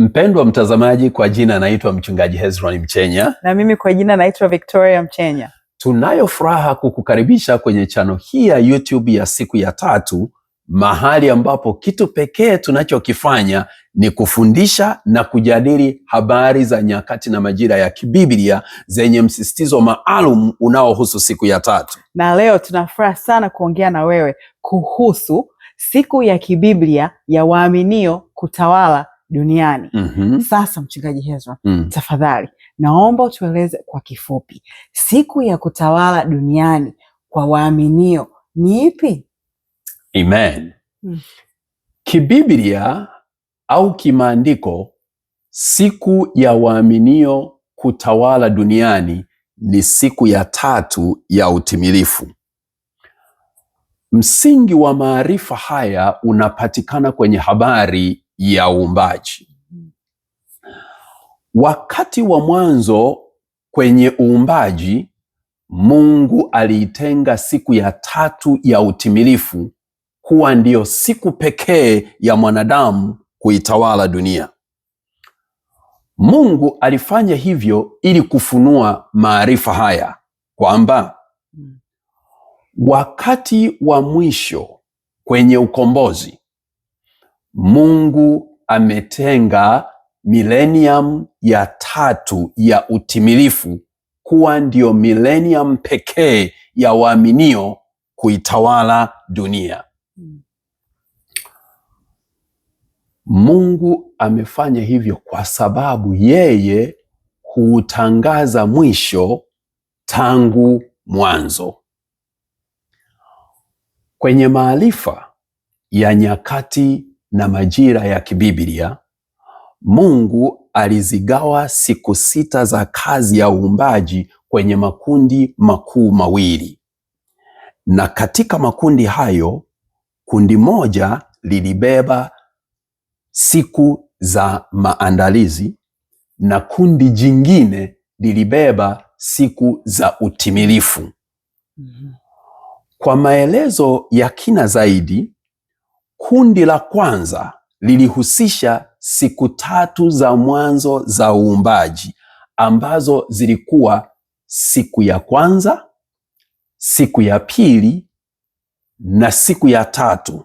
Mpendwa mtazamaji, kwa jina anaitwa Mchungaji Hezron Mchenya, na mimi kwa jina naitwa Victoria Mchenya. Tunayo furaha kukukaribisha kwenye chano hii ya YouTube ya siku ya tatu, mahali ambapo kitu pekee tunachokifanya ni kufundisha na kujadili habari za nyakati na majira ya kibiblia zenye msisitizo maalum unaohusu siku ya tatu. Na leo tunafuraha sana kuongea na wewe kuhusu siku ya kibiblia ya waaminio kutawala duniani. mm -hmm. Sasa Mchungaji Hezron, mm -hmm. tafadhali naomba utueleze kwa kifupi siku ya kutawala duniani kwa waaminio ni ipi? Amen. mm -hmm. Kibiblia au kimaandiko, siku ya waaminio kutawala duniani ni siku ya tatu ya utimilifu. Msingi wa maarifa haya unapatikana kwenye habari ya uumbaji. Wakati wa mwanzo kwenye uumbaji, Mungu aliitenga siku ya tatu ya utimilifu kuwa ndiyo siku pekee ya mwanadamu kuitawala dunia. Mungu alifanya hivyo ili kufunua maarifa haya kwamba wakati wa mwisho kwenye ukombozi Mungu ametenga milenium ya tatu ya utimilifu kuwa ndiyo milenium pekee ya waaminio kuitawala dunia. Mungu amefanya hivyo kwa sababu yeye huutangaza mwisho tangu mwanzo. Kwenye maarifa ya nyakati na majira ya kibiblia, Mungu alizigawa siku sita za kazi ya uumbaji kwenye makundi makuu mawili, na katika makundi hayo kundi moja lilibeba siku za maandalizi na kundi jingine lilibeba siku za utimilifu. Mhm. Kwa maelezo ya kina zaidi, Kundi la kwanza lilihusisha siku tatu za mwanzo za uumbaji ambazo zilikuwa siku ya kwanza, siku ya pili na siku ya tatu,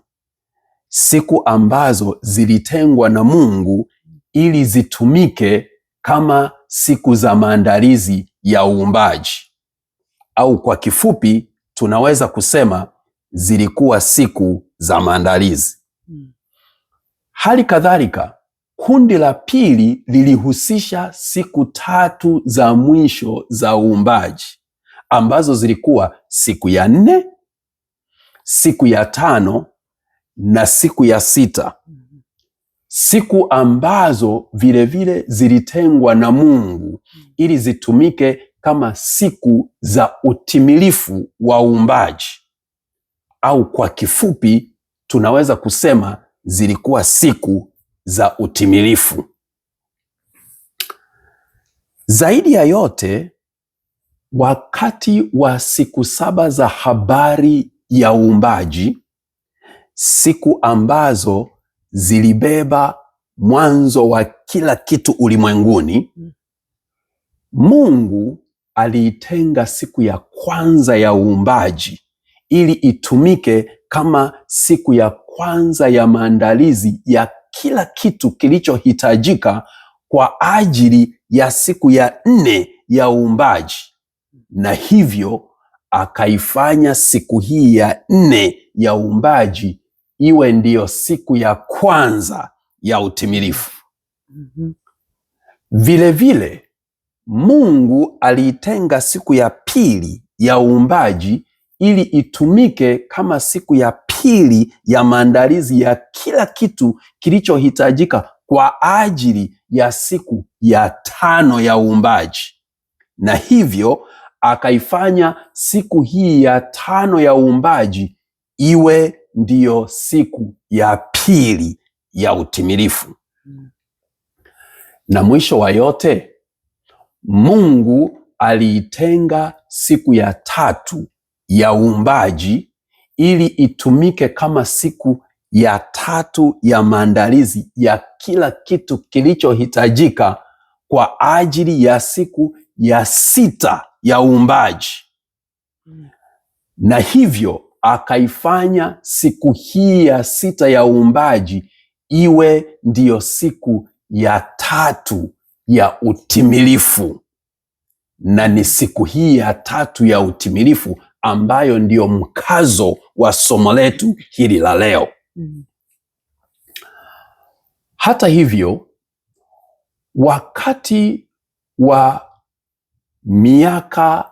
siku ambazo zilitengwa na Mungu ili zitumike kama siku za maandalizi ya uumbaji, au kwa kifupi tunaweza kusema zilikuwa siku za maandalizi. Hmm. Hali kadhalika kundi la pili lilihusisha siku tatu za mwisho za uumbaji ambazo zilikuwa siku ya nne, siku ya tano na siku ya sita, hmm. siku ambazo vilevile vile zilitengwa na Mungu hmm. ili zitumike kama siku za utimilifu wa uumbaji au kwa kifupi tunaweza kusema zilikuwa siku za utimilifu. Zaidi ya yote, wakati wa siku saba za habari ya uumbaji, siku ambazo zilibeba mwanzo wa kila kitu ulimwenguni, Mungu aliitenga siku ya kwanza ya uumbaji ili itumike kama siku ya kwanza ya maandalizi ya kila kitu kilichohitajika kwa ajili ya siku ya nne ya uumbaji, na hivyo akaifanya siku hii ya nne ya uumbaji iwe ndiyo siku ya kwanza ya utimilifu. mm -hmm. Mungu aliitenga siku ya pili ya uumbaji ili itumike kama siku ya pili ya maandalizi ya kila kitu kilichohitajika kwa ajili ya siku ya tano ya uumbaji, na hivyo akaifanya siku hii ya tano ya uumbaji iwe ndiyo siku ya pili ya utimilifu. Na mwisho wa yote, Mungu aliitenga siku ya tatu ya uumbaji ili itumike kama siku ya tatu ya maandalizi ya kila kitu kilichohitajika kwa ajili ya siku ya sita ya uumbaji, mm. na hivyo akaifanya siku hii ya sita ya uumbaji iwe ndiyo siku ya tatu ya utimilifu, na ni siku hii ya tatu ya utimilifu ambayo ndiyo mkazo wa somo letu hili la leo. Mm-hmm. Hata hivyo, wakati wa miaka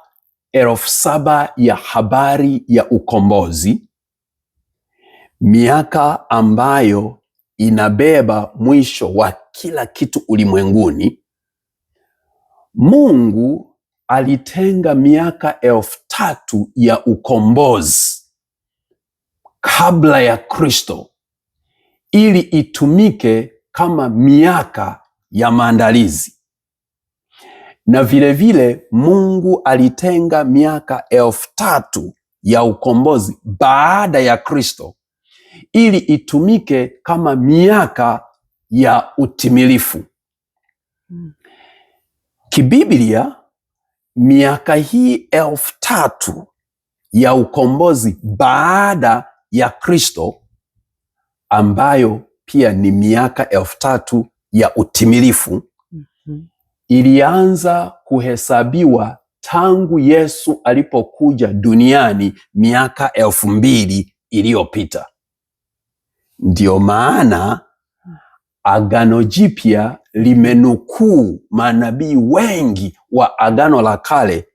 elfu saba ya habari ya ukombozi, miaka ambayo inabeba mwisho wa kila kitu ulimwenguni, Mungu alitenga miaka elfu tatu ya ukombozi kabla ya Kristo ili itumike kama miaka ya maandalizi na vilevile vile, Mungu alitenga miaka elfu tatu ya ukombozi baada ya Kristo ili itumike kama miaka ya utimilifu. Hmm. Kibiblia miaka hii elfu tatu ya ukombozi baada ya Kristo ambayo pia ni miaka elfu tatu ya utimilifu mhm. Ilianza kuhesabiwa tangu Yesu alipokuja duniani miaka elfu mbili iliyopita. Ndiyo maana Agano Jipya limenukuu manabii wengi wa Agano la Kale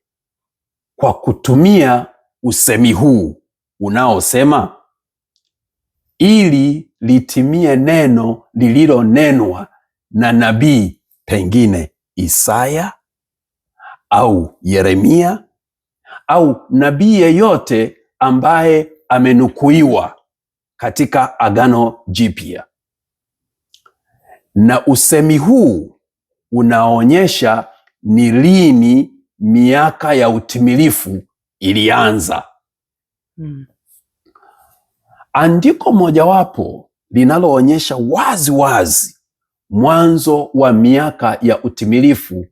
kwa kutumia usemi huu unaosema ili litimie neno lililonenwa na nabii pengine Isaya au Yeremia au nabii yeyote ambaye amenukuiwa katika Agano Jipya. Na usemi huu unaonyesha ni lini miaka ya utimilifu ilianza. Hmm. Andiko mojawapo linaloonyesha wazi wazi mwanzo wa miaka ya utimilifu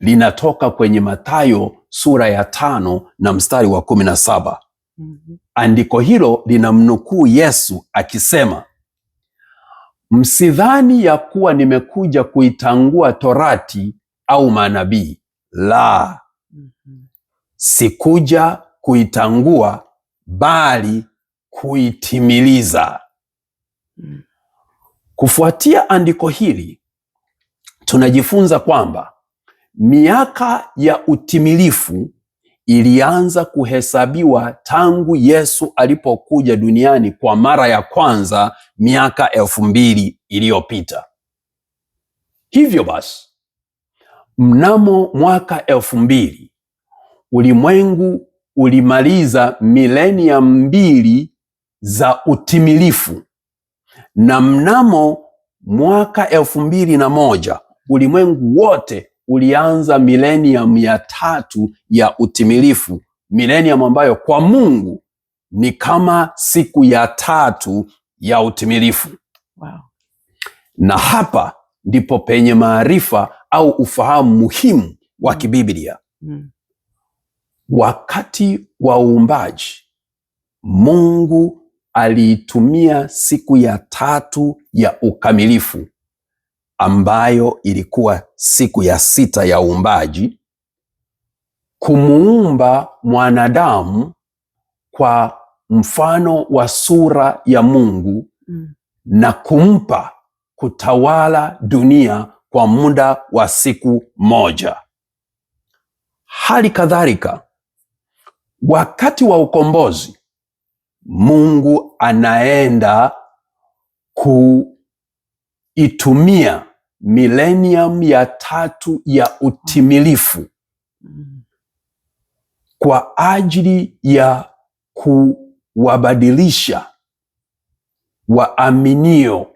linatoka kwenye Mathayo sura ya tano na mstari wa kumi na saba. Mm -hmm. Andiko hilo linamnukuu Yesu akisema, msidhani ya kuwa nimekuja kuitangua torati au manabii la mm -hmm. Sikuja kuitangua bali kuitimiliza. mm. Kufuatia andiko hili tunajifunza kwamba miaka ya utimilifu ilianza kuhesabiwa tangu Yesu alipokuja duniani kwa mara ya kwanza miaka elfu mbili iliyopita. Hivyo basi Mnamo mwaka elfu mbili ulimwengu ulimaliza milenia mbili za utimilifu, na mnamo mwaka elfu mbili na moja ulimwengu wote ulianza milenium ya tatu ya utimilifu, milenium ambayo kwa Mungu ni kama siku ya tatu ya utimilifu. Wow. Na hapa ndipo penye maarifa au ufahamu muhimu wa mm. kibiblia mm. Wakati wa uumbaji Mungu aliitumia siku ya tatu ya ukamilifu ambayo ilikuwa siku ya sita ya uumbaji kumuumba mwanadamu kwa mfano wa sura ya Mungu mm. na kumpa kutawala dunia kwa muda wa siku moja. Hali kadhalika, wakati wa ukombozi, Mungu anaenda kuitumia milenium ya tatu ya utimilifu kwa ajili ya kuwabadilisha waaminio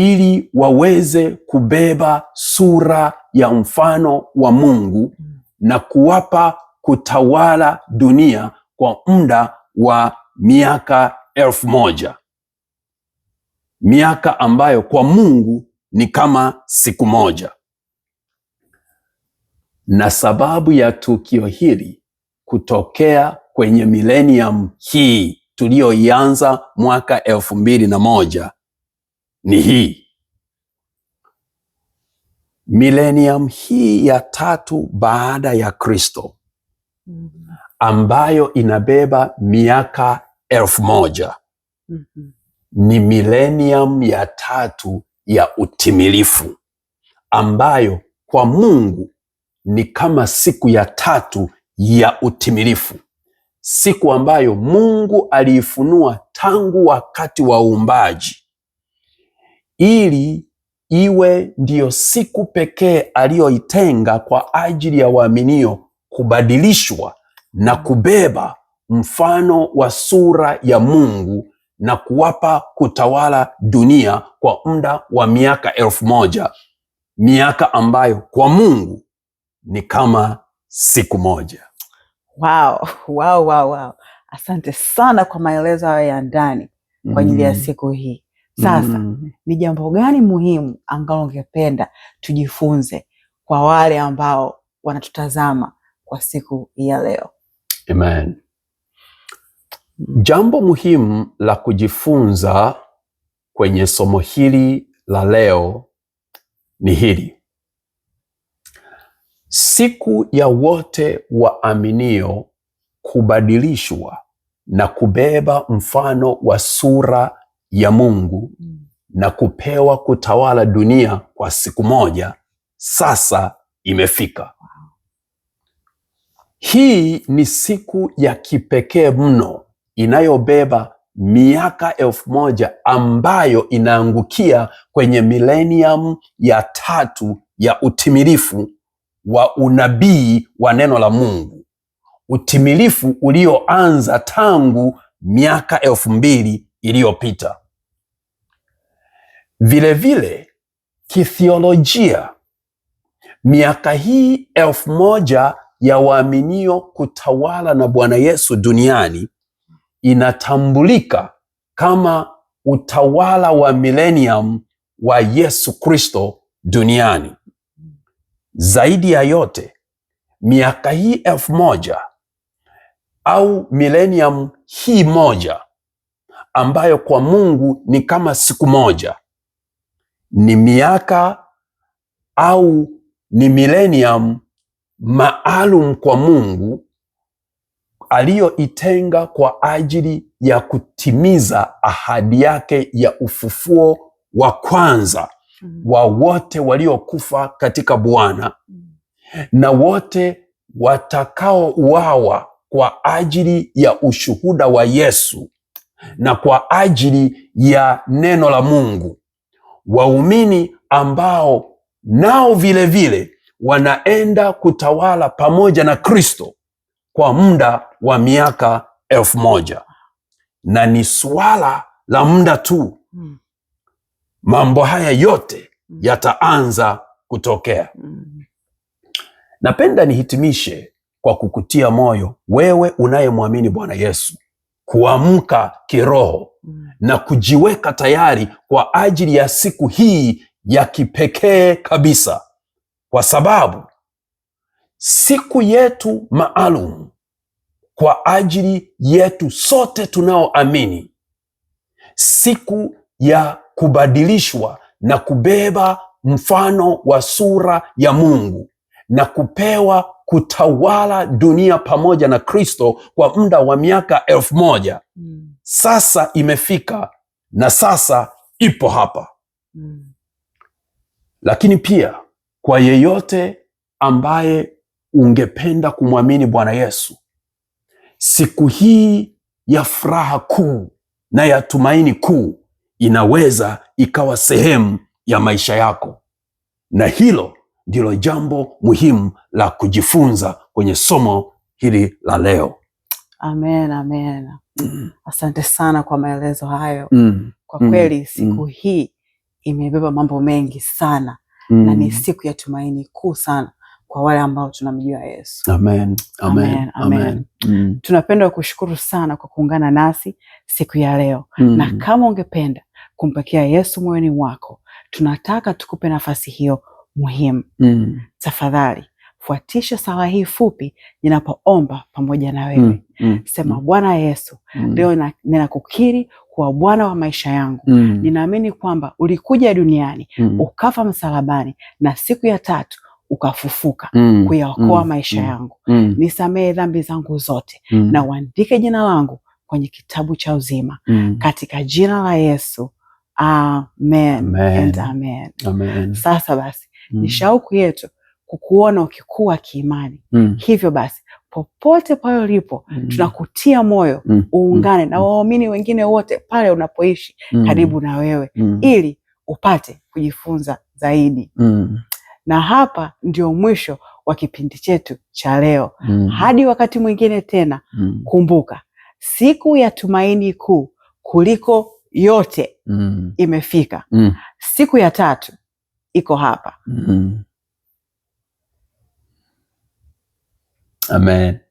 ili waweze kubeba sura ya mfano wa Mungu na kuwapa kutawala dunia kwa muda wa miaka elfu moja miaka ambayo kwa Mungu ni kama siku moja. Na sababu ya tukio hili kutokea kwenye milenium hii tuliyoianza mwaka elfu mbili na moja ni hii milenium hii ya tatu baada ya Kristo mm-hmm. ambayo inabeba miaka elfu moja mm -hmm. Ni milenium ya tatu ya utimilifu ambayo kwa Mungu ni kama siku ya tatu ya utimilifu, siku ambayo Mungu aliifunua tangu wakati wa uumbaji ili iwe ndiyo siku pekee aliyoitenga kwa ajili ya waaminio kubadilishwa na kubeba mfano wa sura ya Mungu na kuwapa kutawala dunia kwa muda wa miaka elfu moja miaka ambayo kwa Mungu ni kama siku moja. Wow, wow, wow, wow. Asante sana kwa maelezo hayo ya ndani kwa ajili ya mm-hmm. siku hii. Sasa mm. ni jambo gani muhimu ambalo ungependa tujifunze kwa wale ambao wanatutazama kwa siku ya leo? Amen. Jambo muhimu la kujifunza kwenye somo hili la leo ni hili: siku ya wote waaminio kubadilishwa na kubeba mfano wa sura ya Mungu mm. na kupewa kutawala dunia kwa siku moja sasa imefika. Hii ni siku ya kipekee mno inayobeba miaka elfu moja ambayo inaangukia kwenye milenium ya tatu ya utimilifu wa unabii wa neno la Mungu, utimilifu ulioanza tangu miaka elfu mbili iliyopita. Vilevile kithiolojia, miaka hii elfu moja ya waaminio kutawala na Bwana Yesu duniani inatambulika kama utawala wa milenium wa Yesu Kristo duniani. Zaidi ya yote, miaka hii elfu moja au milenium hii moja ambayo kwa Mungu ni kama siku moja ni miaka au ni milenium maalum kwa Mungu aliyoitenga kwa ajili ya kutimiza ahadi yake ya ufufuo wa kwanza mm. wa wote waliokufa katika Bwana mm. na wote watakaouawa kwa ajili ya ushuhuda wa Yesu na kwa ajili ya neno la Mungu waumini ambao nao vilevile vile, wanaenda kutawala pamoja na Kristo kwa muda wa miaka elfu moja na ni suala la muda tu. Hmm. Mambo haya yote hmm. yataanza kutokea. Hmm. Napenda nihitimishe kwa kukutia moyo wewe unayemwamini Bwana Yesu kuamka kiroho mm. na kujiweka tayari kwa ajili ya siku hii ya kipekee kabisa, kwa sababu siku yetu maalum kwa ajili yetu sote tunaoamini, siku ya kubadilishwa na kubeba mfano wa sura ya Mungu na kupewa kutawala dunia pamoja na Kristo kwa muda wa miaka elfu moja. Mm. Sasa imefika na sasa ipo hapa. Mm. Lakini pia kwa yeyote ambaye ungependa kumwamini Bwana Yesu, siku hii ya furaha kuu na ya tumaini kuu inaweza ikawa sehemu ya maisha yako, na hilo ndilo jambo muhimu la kujifunza kwenye somo hili la leo. Amen, amen. Mm. Asante sana kwa maelezo hayo. Mm. Kwa mm. kweli, mm. siku mm. hii imebeba mambo mengi sana mm. na ni siku ya tumaini kuu sana kwa wale ambao tunamjua Yesu. Amen, amen, amen, amen. Amen. Mm. Tunapenda kushukuru sana kwa kuungana nasi siku ya leo mm. na kama ungependa kumpokea Yesu moyoni mwako, tunataka tukupe nafasi hiyo muhimu mm. Tafadhali fuatisha sala hii fupi ninapoomba pamoja na wewe mm. Mm. Sema, mm. Bwana Yesu mm. leo ninakukiri kuwa Bwana wa maisha yangu mm. ninaamini kwamba ulikuja duniani mm. ukafa msalabani na siku ya tatu ukafufuka mm. mm kuyaokoa mm. maisha mm, yangu mm. nisamehe dhambi zangu zote mm. na uandike jina langu kwenye kitabu cha uzima mm. katika jina la Yesu amen, amen. And amen. Amen. Sasa basi mm. ni shauku yetu kukuona ukikua kiimani mm. hivyo basi popote pale ulipo mm. tunakutia moyo mm. uungane mm. na waumini wengine wote pale unapoishi mm. karibu na wewe mm. ili upate kujifunza zaidi mm. na hapa ndio mwisho wa kipindi chetu cha leo mm. hadi wakati mwingine tena mm. kumbuka siku ya tumaini kuu kuliko yote mm. imefika mm. siku ya tatu iko hapa. Mm -hmm. Amen.